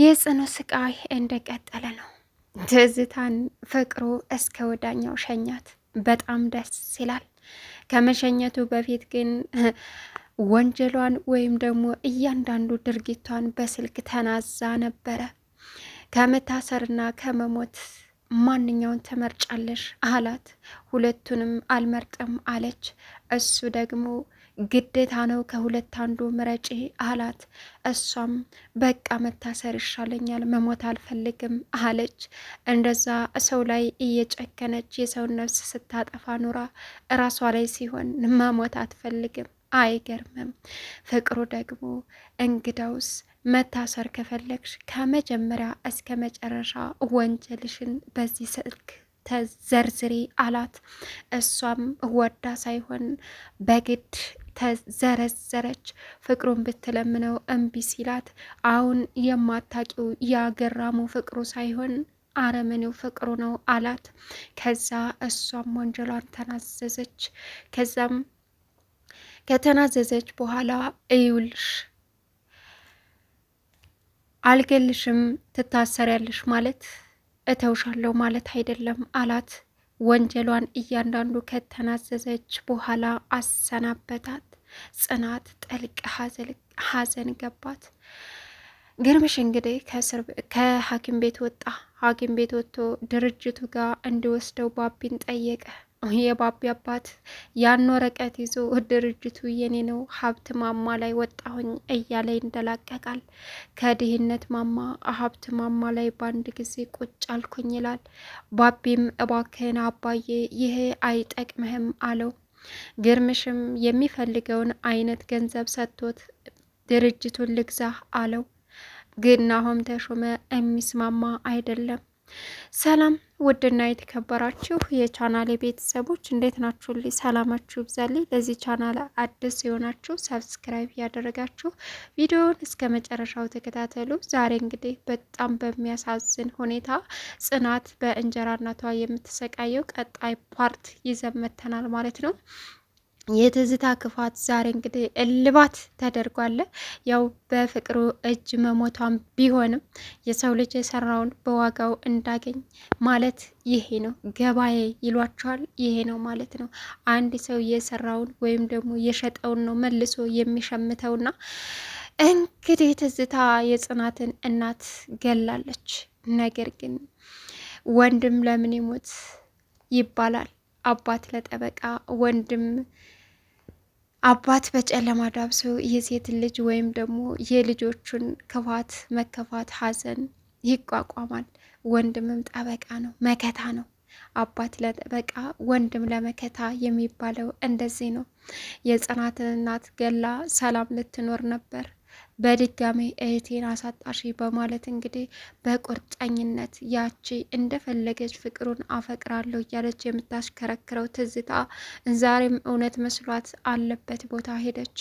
የጽኑ ስቃይ እንደቀጠለ ነው። ትዝታን ፍቅሩ እስከ ወዳኛው ሸኛት። በጣም ደስ ይላል። ከመሸኘቱ በፊት ግን ወንጀሏን ወይም ደግሞ እያንዳንዱ ድርጊቷን በስልክ ተናዛ ነበረ። ከመታሰርና ከመሞት ማንኛውን ትመርጫለሽ አላት። ሁለቱንም አልመርጥም አለች። እሱ ደግሞ ግዴታ ነው ከሁለት አንዱ ምረጪ አላት። እሷም በቃ መታሰር ይሻለኛል መሞት አልፈልግም አለች። እንደዛ ሰው ላይ እየጨከነች የሰውን ነፍስ ስታጠፋ ኑራ እራሷ ላይ ሲሆን መሞት አትፈልግም። አይገርምም። ፍቅሩ ደግሞ እንግዳውስ መታሰር ከፈለግሽ ከመጀመሪያ እስከ መጨረሻ ወንጀልሽን በዚህ ስልክ ተዘርዝሪ አላት። እሷም ወዳ ሳይሆን በግድ ተዘረዘረች። ፍቅሩን ብትለምነው እምቢ ሲላት አሁን የማታቂው ያገራሙ ፍቅሩ ሳይሆን አረመኔው ፍቅሩ ነው አላት። ከዛ እሷም ወንጀሏን ተናዘዘች። ከዛም ከተናዘዘች በኋላ እዩልሽ አልገልሽም ትታሰሪያለሽ ማለት እተውሻለሁ ማለት አይደለም አላት። ወንጀሏን እያንዳንዱ ከተናዘዘች በኋላ አሰናበታት። ጽናት ጥልቅ ሐዘን ገባት። ግርምሽ እንግዲህ ከሐኪም ቤት ወጣ። ሐኪም ቤት ወጥቶ ድርጅቱ ጋር እንዲወስደው ባቢን ጠየቀ። የባቢ አባት ያን ወረቀት ይዞ ድርጅቱ የኔ ነው ሀብት ማማ ላይ ወጣሁኝ እያለ ይንደላቀቃል። ከድህነት ማማ ሀብት ማማ ላይ በአንድ ጊዜ ቁጭ አልኩኝ ይላል። ባቢም እባክህን አባዬ ይሄ አይጠቅምህም አለው። ግርምሽም የሚፈልገውን አይነት ገንዘብ ሰጥቶት ድርጅቱን ልግዛህ አለው። ግን ናሆም ተሾመ የሚስማማ አይደለም። ሰላም ውድና የተከበራችሁ የቻናሌ ቤተሰቦች እንዴት ናችሁ? ሰላማችሁ ይብዛልኝ። ለዚህ ቻናል አዲስ የሆናችሁ ሰብስክራይብ ያደረጋችሁ ቪዲዮውን እስከ መጨረሻው ተከታተሉ። ዛሬ እንግዲህ በጣም በሚያሳዝን ሁኔታ ጽናት በእንጀራ እናቷ የምትሰቃየው ቀጣይ ፓርት ይዘመተናል ማለት ነው። የትዝታ ክፋት ዛሬ እንግዲህ እልባት ተደርጓለ። ያው በፍቅሩ እጅ መሞቷን ቢሆንም የሰው ልጅ የሰራውን በዋጋው እንዳገኝ ማለት ይሄ ነው። ገባዬ ይሏቸዋል። ይሄ ነው ማለት ነው። አንድ ሰው የሰራውን ወይም ደግሞ የሸጠውን ነው መልሶ የሚሸምተውና እንግዲህ ትዝታ የጽናትን እናት ገላለች። ነገር ግን ወንድም ለምን ይሞት ይባላል። አባት ለጠበቃ ወንድም አባት በጨለማ ዳብሶ የሴት ልጅ ወይም ደግሞ የልጆቹን ክፋት፣ መከፋት፣ ሐዘን ይቋቋማል። ወንድምም ጠበቃ ነው፣ መከታ ነው። አባት ለጠበቃ ወንድም ለመከታ የሚባለው እንደዚህ ነው። የጽናትን እናት ገላ ሰላም ልትኖር ነበር። በድጋሜ እህቴን አሳጣሽ በማለት እንግዲህ በቁርጠኝነት ያቺ እንደፈለገች ፍቅሩን አፈቅራለሁ እያለች የምታሽከረክረው ትዝታ ዛሬም እውነት መስሏት አለበት ቦታ ሄደች።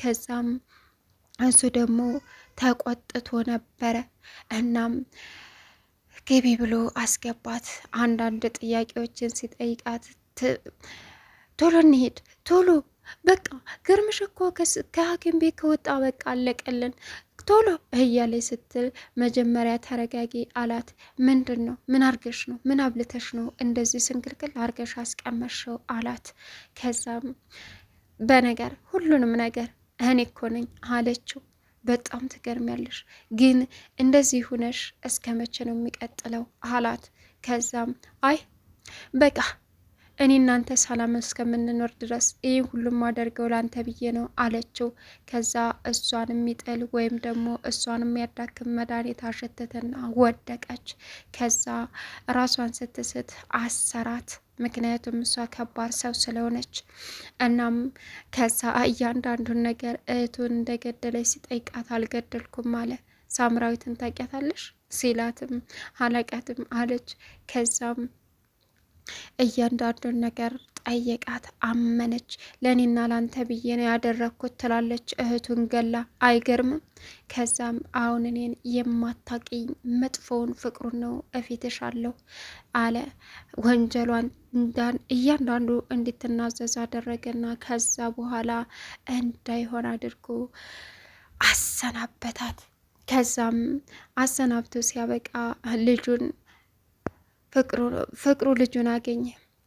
ከዛም እሱ ደግሞ ተቆጥቶ ነበረ። እናም ግቢ ብሎ አስገባት። አንዳንድ ጥያቄዎችን ሲጠይቃት ቶሎ እንሄድ ቶሎ በቃ ግርምሽ እኮ ከሐኪም ቤት ከወጣ በቃ አለቀልን ቶሎ እያለች ስትል መጀመሪያ ተረጋጊ አላት። ምንድን ነው ምን አርገሽ ነው ምን አብልተሽ ነው እንደዚህ ስንግልግል አርገሽ አስቀመሽው አላት። ከዛም በነገር ሁሉንም ነገር እኔ እኮ ነኝ አለችው። በጣም ትገርሚያለሽ፣ ግን እንደዚህ ሁነሽ እስከ መቼ ነው የሚቀጥለው አላት። ከዛም አይ በቃ እኔ እናንተ ሰላም እስከምንኖር ድረስ ይህ ሁሉም አደርገው ላንተ ብዬ ነው አለችው። ከዛ እሷን የሚጥል ወይም ደግሞ እሷን የሚያዳክም መድኃኒት አሸተተና ወደቀች። ከዛ ራሷን ስትስት አሰራት። ምክንያቱም እሷ ከባድ ሰው ስለሆነች። እናም ከዛ እያንዳንዱን ነገር እህቱን እንደገደለች ሲጠይቃት አልገደልኩም አለ። ሳምራዊትን ታውቂያታለሽ ሲላትም አላውቃትም አለች። ከዛም እያንዳንዱን ነገር ጠየቃት፣ አመነች። ለእኔና ላንተ ብዬ ነው ያደረግኩት ትላለች እህቱን ገላ። አይገርምም? ከዛም አሁን እኔን የማታቂኝ መጥፎውን ፍቅሩን ነው እፊትሽ አለው አለ። ወንጀሏን እያንዳንዱ እንድትናዘዝ አደረገና ከዛ በኋላ እንዳይሆን አድርጎ አሰናበታት። ከዛም አሰናብቶ ሲያበቃ ልጁን ፍቅሩ ልጁን አገኘ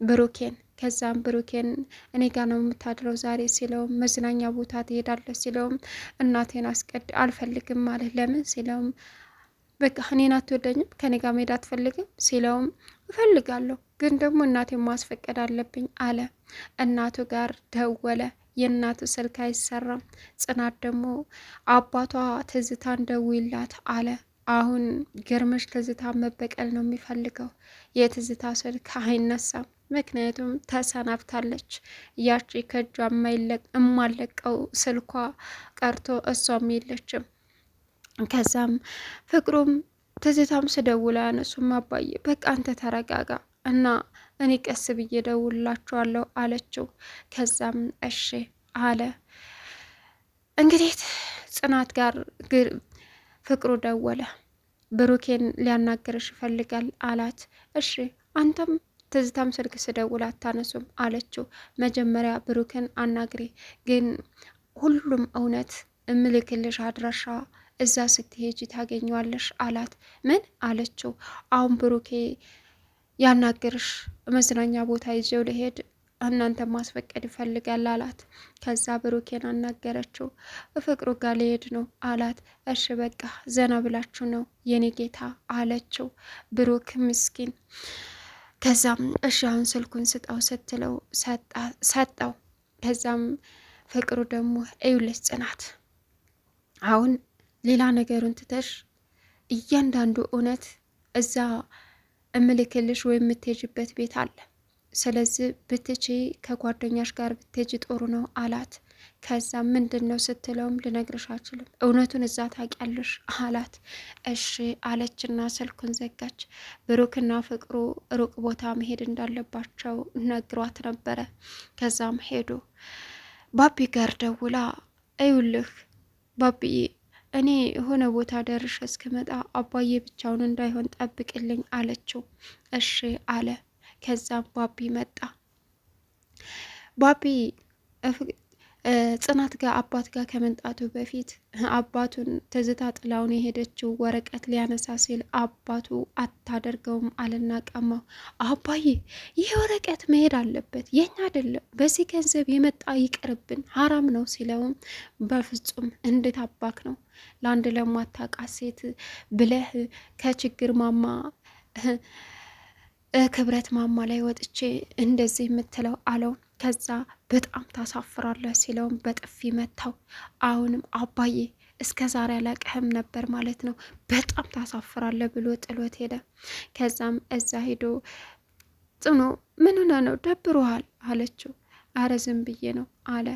ብሩኬን። ከዛም ብሩኬን እኔ ጋ ነው የምታድረው ዛሬ ሲለውም መዝናኛ ቦታ ትሄዳለች ሲለውም እናቴን አስቀድ አልፈልግም ማለት ለምን ሲለውም በቃ እኔን አትወደኝም ከኔ ጋ መሄድ አትፈልግም ሲለውም እፈልጋለሁ ግን ደግሞ እናቴን ማስፈቀድ አለብኝ አለ። እናቱ ጋር ደወለ። የእናቱ ስልክ አይሰራም። ጽናት ደግሞ አባቷ ትዝታን ደውይላት አለ። አሁን ግርምሽ ትዝታ መበቀል ነው የሚፈልገው። የትዝታ ስልክ አይነሳም፣ ምክንያቱም ተሰናብታለች። ያቺ ከእጇ የማለቀው ስልኳ ቀርቶ እሷም የለችም። ከዛም ፍቅሩም ትዝታም ስደውል ያነሱም፣ አባዬ በቃ አንተ ተረጋጋ እና እኔ ቀስ ብዬ ደውላችኋለሁ አለችው። ከዛም እሺ አለ። እንግዲህ ጽናት ጋር ፍቅሩ ደወለ። ብሩኬን ሊያናግርሽ ይፈልጋል አላት። እሺ አንተም ትዝታም ስልክ ስደውል አታነሱም አለችው። መጀመሪያ ብሩክን አናግሬ ግን ሁሉም እውነት እምልክልሽ አድራሻ እዛ ስትሄጂ ታገኘዋለሽ አላት። ምን አለችው? አሁን ብሩኬ ያናግርሽ መዝናኛ ቦታ ይዤው ልሄድ እናንተ ማስፈቀድ ይፈልጋል አላት። ከዛ ብሩኬን አናገረችው። ፍቅሩ ጋር ሊሄድ ነው አላት። እሺ በቃ ዘና ብላችሁ ነው የኔ ጌታ አለችው። ብሩክ ምስኪን። ከዛም እሺ አሁን ስልኩን ስጠው ስትለው ሰጠው። ከዛም ፍቅሩ ደግሞ እዩለች ጽናት፣ አሁን ሌላ ነገሩን ትተሽ እያንዳንዱ እውነት እዛ እምልክልሽ ወይም የምትሄጅበት ቤት አለ ስለዚህ ብትቺ ከጓደኛሽ ጋር ብትጅ ጥሩ ነው አላት። ከዛ ምንድን ነው ስትለውም ልነግርሽ አልችልም፣ እውነቱን እዛ ታውቂያለሽ አላት። እሺ አለችና ስልኩን ዘጋች። ብሩክና ፍቅሩ ሩቅ ቦታ መሄድ እንዳለባቸው ነግሯት ነበረ። ከዛም ሄዱ። ባቢ ጋር ደውላ እዩልህ ባቢዬ እኔ የሆነ ቦታ ደርሼ እስክመጣ አባዬ ብቻውን እንዳይሆን ጠብቅልኝ አለችው። እሺ አለ። ከዛም ባቢ መጣ። ባቢ ጽናት ጋር አባት ጋር ከመምጣቱ በፊት አባቱን ትዝታ ጥላውን የሄደችው ወረቀት ሊያነሳ ሲል አባቱ አታደርገውም አልና ቀማው። አባዬ ይህ ወረቀት መሄድ አለበት፣ የኛ አይደለም፣ በዚህ ገንዘብ የመጣ ይቅርብን፣ ሀራም ነው ሲለውም በፍጹም እንዴት አባክ ነው ለአንድ ለማታውቃት ሴት ብለህ ከችግር ማማ ክብረት ማማ ላይ ወጥቼ እንደዚህ የምትለው አለው። ከዛ በጣም ታሳፍራለህ ሲለውም በጥፊ መታው። አሁንም አባዬ እስከ ዛሬ አላቀህም ነበር ማለት ነው፣ በጣም ታሳፍራለህ ብሎ ጥሎት ሄደ። ከዛም እዛ ሄዶ ጽኖ ምን ሆነ ነው ደብሮሃል አለችው። አረ ዝም ብዬ ነው አለ።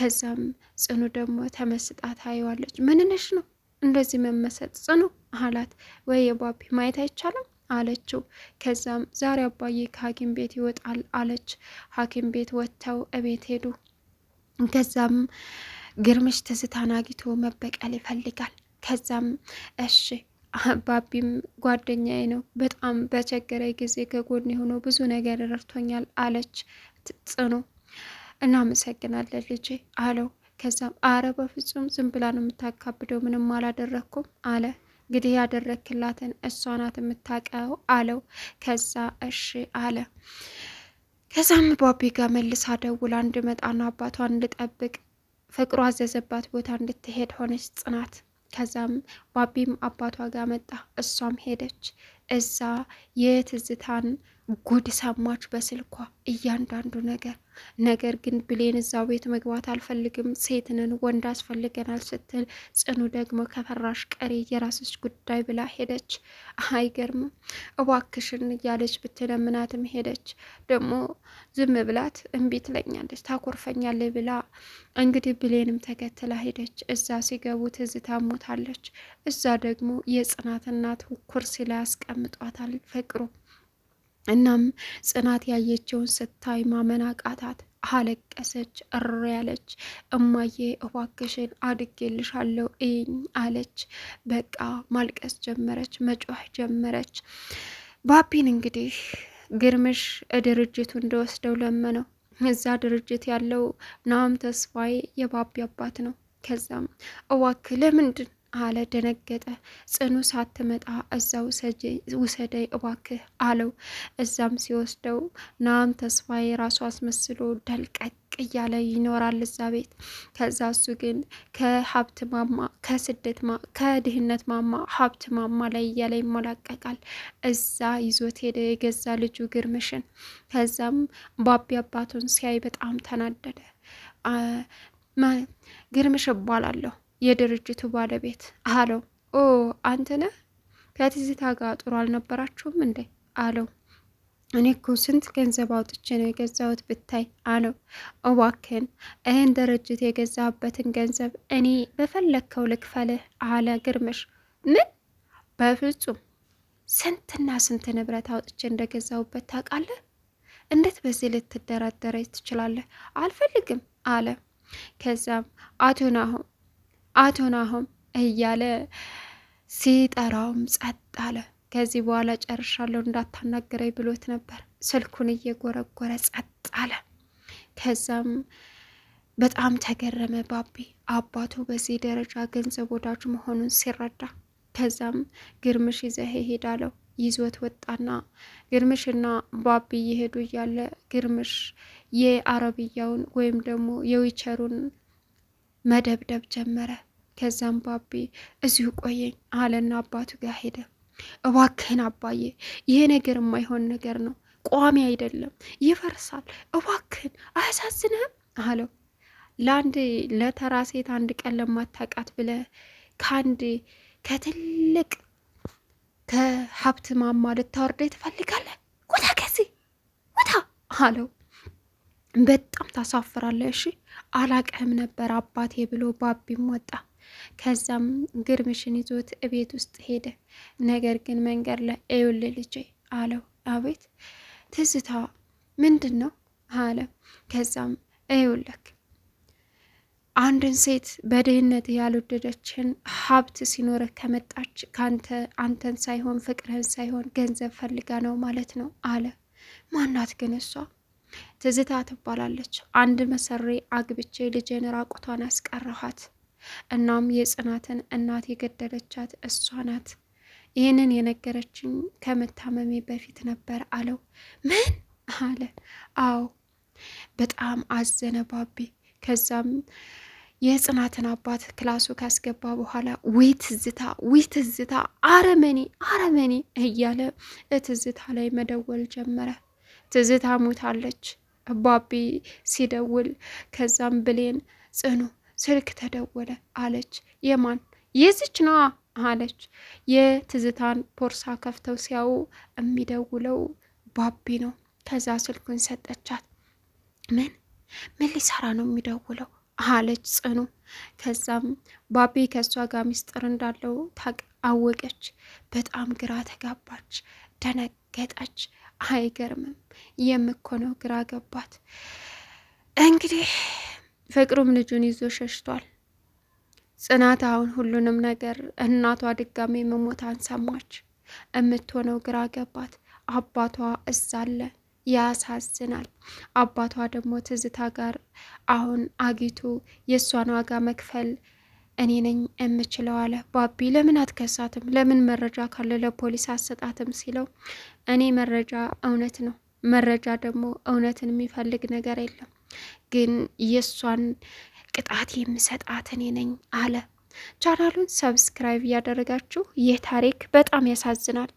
ከዛም ጽኑ ደግሞ ተመስጣ ታየዋለች። ምንነሽ ነው እንደዚህ መመሰጥ ጽኑ አላት። ወይ የባቢ ማየት አይቻልም አለችው። ከዛም ዛሬ አባዬ ከሐኪም ቤት ይወጣል አለች። ሐኪም ቤት ወጥተው እቤት ሄዱ። ከዛም ግርምሽ ትዝታን አግኝቶ መበቀል ይፈልጋል። ከዛም እሺ አባቢም ጓደኛዬ ነው፣ በጣም በቸገረ ጊዜ ከጎን የሆኖ ብዙ ነገር ረድቶኛል አለች ጽኑ። እናመሰግናለን ልጄ አለው። ከዛም አረ በፍጹም ዝም ብላ ነው የምታካብደው፣ ምንም አላደረግኩም አለ እንግዲህ ያደረክላትን እሷ ናት የምታውቀው አለው። ከዛ እሺ አለ። ከዛም ባቢ ጋር መልሳ ደውላ እንድመጣና አባቷን እንድጠብቅ ፍቅሩ አዘዘባት ቦታ እንድትሄድ ሆነች ጽናት። ከዛም ባቢም አባቷ ጋር መጣ፣ እሷም ሄደች እዛ የትዝታን ጉድ ሰማች በስልኳ እያንዳንዱ ነገር። ነገር ግን ብሌን እዛው ቤት መግባት አልፈልግም፣ ሴትንን ወንድ አስፈልገናል ስትል ጽኑ ደግሞ ከፈራሽ ቀሪ የራስሽ ጉዳይ ብላ ሄደች። አይገርምም? እባክሽን እያለች ብትለምናትም ሄደች። ደግሞ ዝም ብላት እምቢ ትለኛለች፣ ታኮርፈኛለች ብላ እንግዲህ ብሌንም ተከትላ ሄደች። እዛ ሲገቡ ትዝታ ሞታለች። እዛ ደግሞ የጽናት እናት ኩርሲ ላይ አስቀምጧታል ፈቅሩ እናም ጽናት ያየችውን ስታይ ማመን አቃታት። አለቀሰች፣ እር ያለች። እማዬ እባክሽን አድጌልሻለሁ እኝ አለች። በቃ ማልቀስ ጀመረች፣ መጮህ ጀመረች። ባቢን እንግዲህ ግርምሽ ድርጅቱ እንደወስደው ለመነው። እዛ ድርጅት ያለው ናም ተስፋዬ የባቢ አባት ነው። ከዛም እዋክ ለምንድን አለ። ደነገጠ። ጽኑ ሳትመጣ እዛው ውሰደኝ እባክህ አለው። እዛም ሲወስደው ናም ተስፋዬ ራሱ አስመስሎ ደልቀቅ እያለ ይኖራል እዛ ቤት። ከዛ እሱ ግን ከሀብት ማማ፣ ከስደት ከድህነት ማማ ሀብት ማማ ላይ እያለ ይሞላቀቃል። እዛ ይዞት ሄደ የገዛ ልጁ ግርምሽን። ከዛም ባቢ አባቱን ሲያይ በጣም ተናደደ። ግርምሽ እባላለሁ የድርጅቱ ባለቤት አለው። ኦ አንተ ነህ? ከትዝታ ጋር ጥሩ አልነበራችሁም እንዴ? አለው። እኔ እኮ ስንት ገንዘብ አውጥቼ ነው የገዛሁት ብታይ አለው። እባክህን ይህን ድርጅት የገዛበትን ገንዘብ እኔ በፈለግከው ልክፈልህ አለ ግርምሽ። ምን? በፍጹም ስንትና ስንት ንብረት አውጥቼ እንደገዛሁበት ታውቃለህ? እንዴት በዚህ ልትደራደረች ትችላለህ? አልፈልግም አለ። ከዛም አቶ ናሆም አቶ ናሆም እያለ ሲጠራውም ጸጥ አለ። ከዚህ በኋላ ጨርሻለሁ እንዳታናገረኝ ብሎት ነበር። ስልኩን እየጎረጎረ ጸጥ አለ። ከዛም በጣም ተገረመ ባቢ አባቱ በዚህ ደረጃ ገንዘብ ወዳጅ መሆኑን ሲረዳ። ከዛም ግርምሽ ይዘህ ይሄዳለው አለው። ይዞት ወጣና ግርምሽና ባቢ እየሄዱ እያለ ግርምሽ የአረብያውን ወይም ደግሞ የዊቸሩን መደብደብ ጀመረ። ከዛም ባቢ እዚሁ ቆየኝ አለና አባቱ ጋር ሄደ። እባክህን አባዬ፣ ይሄ ነገር የማይሆን ነገር ነው፣ ቋሚ አይደለም፣ ይፈርሳል። እባክህን አያሳዝንህም አለው። ለአንድ ለተራ ሴት አንድ ቀን ለማታቃት ብለ ከአንድ ከትልቅ ከሀብት ማማ ልታወርደ ትፈልጋለህ? ውጣ ከዚህ ውጣ አለው። በጣም ታሳፍራለህ። እሺ አላቀህም ነበር አባቴ ብሎ ባቢም ወጣ። ከዛም ግርምሽን ይዞት እቤት ውስጥ ሄደ። ነገር ግን መንገድ ላይ እዩል ልጄ አለው። አቤት ትዝታ ምንድን ነው አለ። ከዛም እዩልክ አንድን ሴት በድህነት ያልወደደችን ሀብት ሲኖርህ ከመጣች ከአንተ አንተን ሳይሆን ፍቅርህን ሳይሆን ገንዘብ ፈልጋ ነው ማለት ነው አለ። ማናት ግን እሷ ትዝታ ትባላለች። አንድ መሰሬ አግብቼ ልጄን ራቁቷን አስቀረኋት። እናም የጽናትን እናት የገደለቻት እሷ ናት። ይህንን የነገረችኝ ከመታመሜ በፊት ነበር አለው። ምን አለ? አዎ በጣም አዘነ ባቢ። ከዛም የጽናትን አባት ክላሱ ካስገባ በኋላ ውይ ትዝታ፣ ውይ ትዝታ፣ አረመኔ፣ አረመኔ እያለ ትዝታ ላይ መደወል ጀመረ። ትዝታ ሙታለች አባቢ ሲደውል፣ ከዛም ብሌን ጽኑ ስልክ ተደወለ አለች። የማን የዚች ነዋ አለች። የትዝታን ቦርሳ ከፍተው ሲያዩ የሚደውለው ባቢ ነው። ከዛ ስልኩን ሰጠቻት። ምን ምን ሊሰራ ነው የሚደውለው አለች ጽኑ። ከዛም ባቢ ከእሷ ጋር ሚስጥር እንዳለው አወቀች። በጣም ግራ ተጋባች፣ ደነገጠች። አይገርምም የምኮነው ግራ ገባት። እንግዲህ ፍቅሩም ልጁን ይዞ ሸሽቷል። ጽናት አሁን ሁሉንም ነገር እናቷ ድጋሜ መሞታን ሰማች። የምትሆነው ግራ ገባት። አባቷ እዛለ ያሳዝናል። አባቷ ደግሞ ትዝታ ጋር አሁን አጊቱ የእሷን ዋጋ መክፈል እኔ ነኝ የምችለው አለ። ባቢ ለምን አትከሳትም? ለምን መረጃ ካለ ለፖሊስ አሰጣትም? ሲለው እኔ መረጃ እውነት ነው። መረጃ ደግሞ እውነትን የሚፈልግ ነገር የለም። ግን የእሷን ቅጣት የምሰጣት እኔ ነኝ አለ። ቻናሉን ሰብስክራይብ እያደረጋችሁ ይህ ታሪክ በጣም ያሳዝናል።